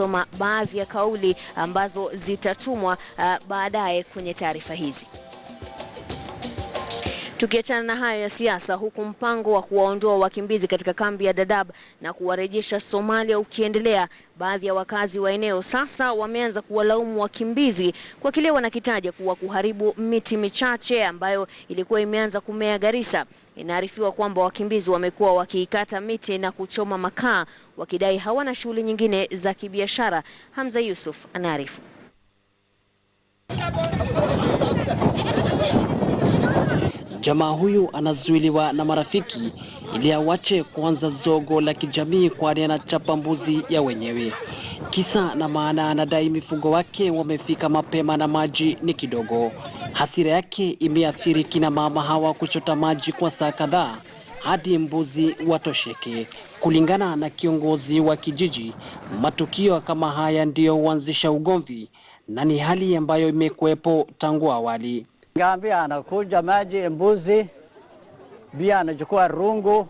kusoma baadhi ya kauli ambazo zitatumwa uh, baadaye kwenye taarifa hizi. Tukiachana na hayo ya siasa, huku mpango wa kuwaondoa wakimbizi katika kambi ya Dadaab na kuwarejesha Somalia ukiendelea, baadhi ya wakazi wa eneo sasa wameanza kuwalaumu wakimbizi kwa kile wanakitaja kuwa kuharibu miti michache ambayo ilikuwa imeanza kumea Garissa. Inaarifiwa kwamba wakimbizi wamekuwa wakiikata miti na kuchoma makaa, wakidai hawana shughuli nyingine za kibiashara. Hamza Yusuf anaarifu. Jamaa huyu anazuiliwa na marafiki ili awache kuanza zogo la kijamii, kwani anachapa mbuzi ya wenyewe. Kisa na maana, anadai mifugo wake wamefika mapema na maji ni kidogo. Hasira yake imeathiri kina mama hawa kuchota maji kwa saa kadhaa hadi mbuzi watosheke. Kulingana na kiongozi wa kijiji, matukio kama haya ndiyo huanzisha ugomvi na ni hali ambayo imekuwepo tangu awali. Ngambia anakuja maji mbuzi, bia anachukua rungu.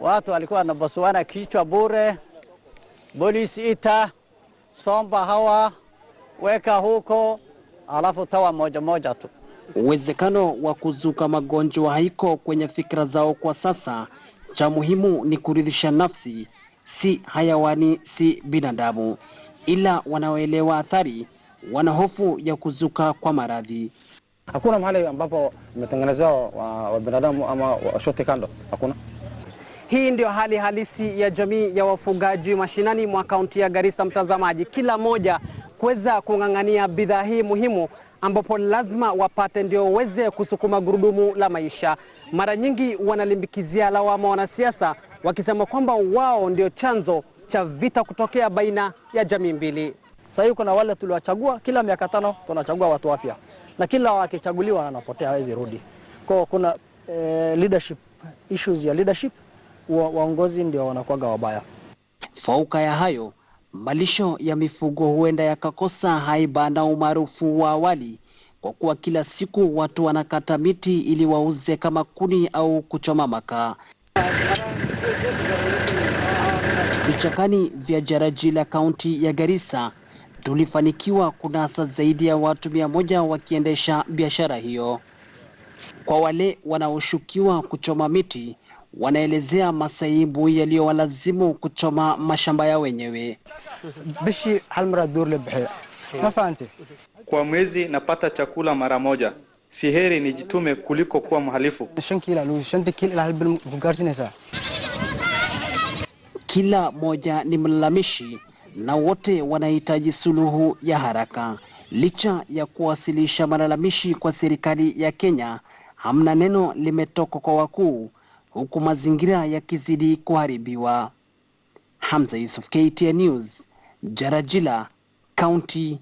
Watu walikuwa wanabasuana kichwa bure. Polisi ita somba hawa weka huko, alafu tawa moja moja tu. Uwezekano wa kuzuka magonjwa haiko kwenye fikra zao kwa sasa. Cha muhimu ni kuridhisha nafsi, si hayawani, si binadamu. Ila wanaoelewa athari wana hofu ya kuzuka kwa maradhi. Hakuna mahali ambapo imetengenezewa wa binadamu ama washote kando, hakuna. Hii ndio hali halisi ya jamii ya wafugaji mashinani mwa kaunti ya Garissa, mtazamaji, kila moja kuweza kung'ang'ania bidhaa hii muhimu ambapo lazima wapate ndio waweze kusukuma gurudumu la maisha. Mara nyingi wanalimbikizia lawama wanasiasa, wakisema kwamba wao ndio chanzo cha vita kutokea baina ya jamii mbili. Sasa hivi kuna wale tuliwachagua, kila miaka tano tunachagua watu wapya na kila akichaguliwa anapotea, hawezi rudi. Kwa kuna eh, leadership issues ya leadership, wa, waongozi ndio wanakuwaga wabaya. Fauka ya hayo, malisho ya mifugo huenda yakakosa haiba na umaarufu wa awali kwa kuwa kila siku watu wanakata miti ili wauze kama kuni au kuchoma makaa. Vichakani vya jaraji la kaunti ya Garissa tulifanikiwa kunasa zaidi ya watu mia moja wakiendesha biashara hiyo. Kwa wale wanaoshukiwa kuchoma miti, wanaelezea masaibu yaliyowalazimu kuchoma mashamba yao wenyewe. kwa mwezi napata chakula mara moja, si heri nijitume kuliko kuwa mhalifu. Kila moja ni mlalamishi na wote wanahitaji suluhu ya haraka. Licha ya kuwasilisha malalamishi kwa serikali ya Kenya, hamna neno limetoka kwa wakuu, huku mazingira yakizidi kuharibiwa. Hamza Yusuf, KTN News, Jarajila, kaunti